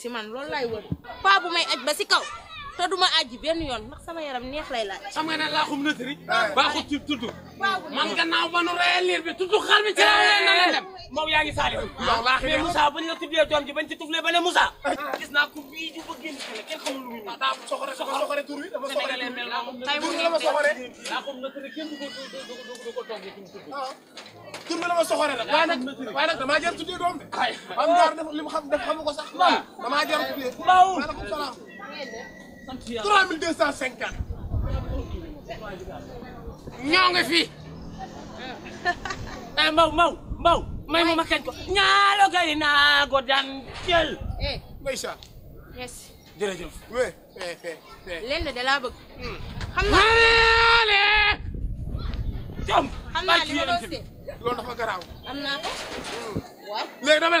si man loolu laay wër paa bu may aj ba si kaw te duma aji benn yoon ndax sama yaram neex lay laaj. xam nga ne laaxum nësëri. Ah. baaxut ci tudd. man gannaaw ba nu reyal liir bi tudd xar bi ci la leen na leen dem. moom yaa ngi saali. waaw ah. baax mais Moussa buñ la tuddee doom ji bañ ci tuflee ba ne Moussa. gis naa ko bii di bëgg ci la kenn xamul lu muy. Ah, daa soxore soxore tur bi dafa soxore tur bi tur bi la ma soxore. laaxum nësëri kenn du ko du ko toog ci tudd. tur bi la ma soxore nag. waaye nag waaye nag damaa jar tuddee doom bi. am jaar def li mu xam def xamu ko sax. damaa jar tuddee. maaleykum salaam. trois mille deux cent cinquante ñoo fi eh Mbaw Mbaw Mbaw may ma ma kañ ko ñaalo gay naa ko daan jël eh Maïssa de laa bëgg hmm. xam naa jom xam naa li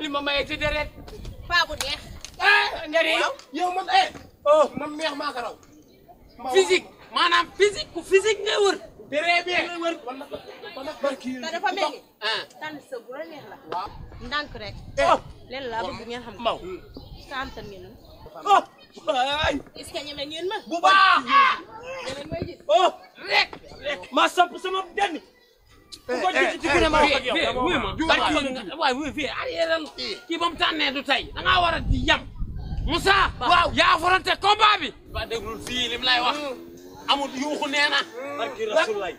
li ma ma ci deret. paa bu neex. Eh, nga ne yow man eh. oh man meex maa ko raw. physique maanaam ku physique ngay wër. très bien ngay wër. dafa mel ni. Ah. tànn sa bu la neex la. waaw ndànk rek. Eh. Oh. leen laa bëgg ngeen ngeen. oh. est-ce que ñeme ngeen ma. bu baax. Oh. rek. ma samp sama ko jiitu ci gën ma wax ak yow. waaye wuyu fii arrière la kii ba mu tànnee du tey da ngaa a di yam. Moussa. waaw yaa fronté combat bi. ba déglul fii lim lay wax. Hmm. amul yuuxu nee na. Hmm. barki Rasulullah.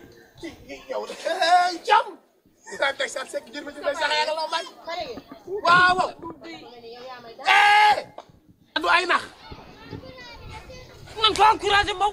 yow jam. daa teg sax sekk ay nax. nan ko encouragé mbaw.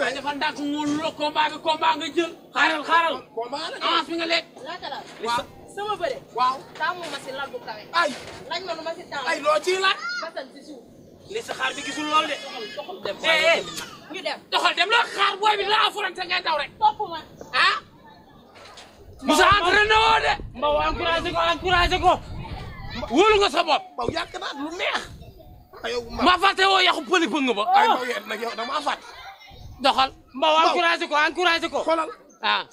waaye dafa ndànk mu loo combat nga nga jël. xaaral xaaral. combat la avance bi bu kawe. bi gisul lool de. doxal dem ñu eh, eh. dem. doxal daw rek. topp ma ah. Moussa entraîné na woo de. Mbawu encouragé ko ko. wóolu nga sa bopp. Mbawu yàgg naa lu neex. Ah, woo yàqu pëli pëng ba. ay Mbawu yàgg doxal Mbaw encouragé ko ah.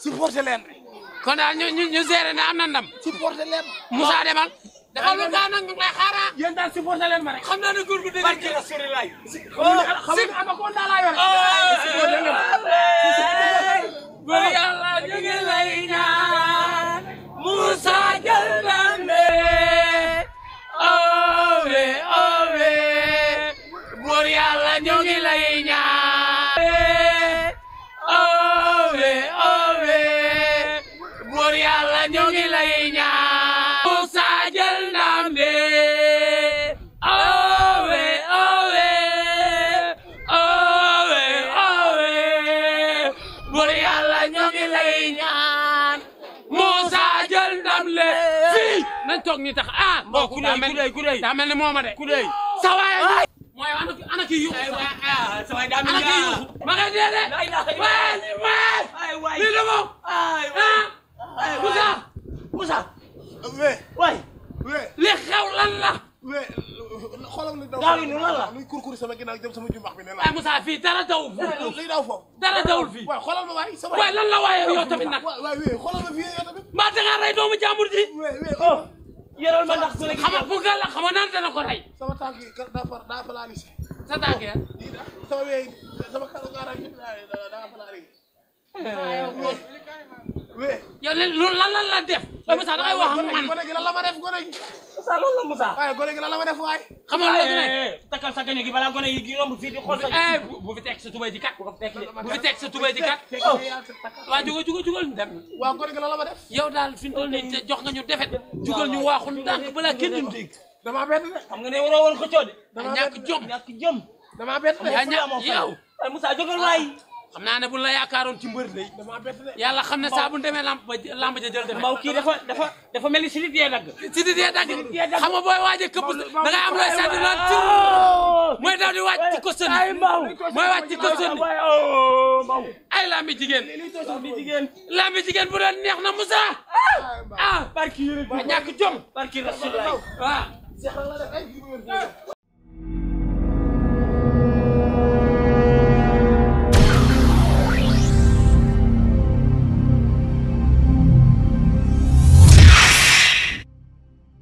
kon daal ñu ñu na am na ndam. supporté demal. dafa lu gaaw nag ñu koy xaaraa. yéen daal supporté leen ma lay ñaan. Moussa jël ndambe. owe owe. góor yàlla ñu lay. toog nii tax ah. mbaa ku lay ku lay ku lay daa mel ni mooma de. ku lay sa waay. mooy ana ana kii yu. ah sa waay daa mel ni ah ma koy dee de. waay waay. aywaay lii de moom. aywaay ah Moussa. Moussa. waay. li xew lan la. xoolal li daw. daawul lan la luy kurkuri sama ginnaaw jëm sama jumbax bi ne la. waaye Moussa fii dara dawul. li daw foofu. dara dawul fii. waay xoolal ma waay sama. waay lan la waaye yow tamit nag. waay waay xoolal ma fii yow tamit. mbaa da ngaa rey doomu jàmbur ji. waay waay yéeral ma ndax su nekk xam nga bu gàll xam nga naan dana ko rey. sama tànk yi daa fa daa fa laa risi. sa tànk ya. sama wéy sama kàllaama yi daa fa laa risi. Ah, yow léegi la def. ba mu sax da ngay wax man. gone gi lan la ma def gone gi. Moussa loolu la Moussa. waaye gone gi la la ma def waay. xamal la ne eh, eh, eh, takkal sa gone gi balaa gone yi gi romb fii di xool sa. bu fi teg sa ji kat. bu fi sa tubay ji kat. Oh. waaw jugal jugal jugal ñu dem. waaw gone gi la la ma def. yow daal fi mu toll nii nga ñu defet. jugal ñu waaxul ndànk balaa kenn duñu dégg. damaa bett de. xam nga ne waroo woon ko coow de. damaa bett de ñàkk jom ñàkk jom. damaa bett de yow Moussa jógal waay xam naa ne bu la yaakaaroon ci mbër yalla xam na saa bu demee lamb ba lamb ja jël demee. dafa dafa mel ni sidit yee dagg. sidit yee dagg xam nga booy waaj a këpp da ngay am looy sànni lool tur. mooy daw di wàcc ci ko sënni mooy wàcc ci ko sënni ay lambi jigéen lambi jigéen bu doon neex na Moussa ah. ah. barki yële bi ñàkk jom barki Rasulullah waaw.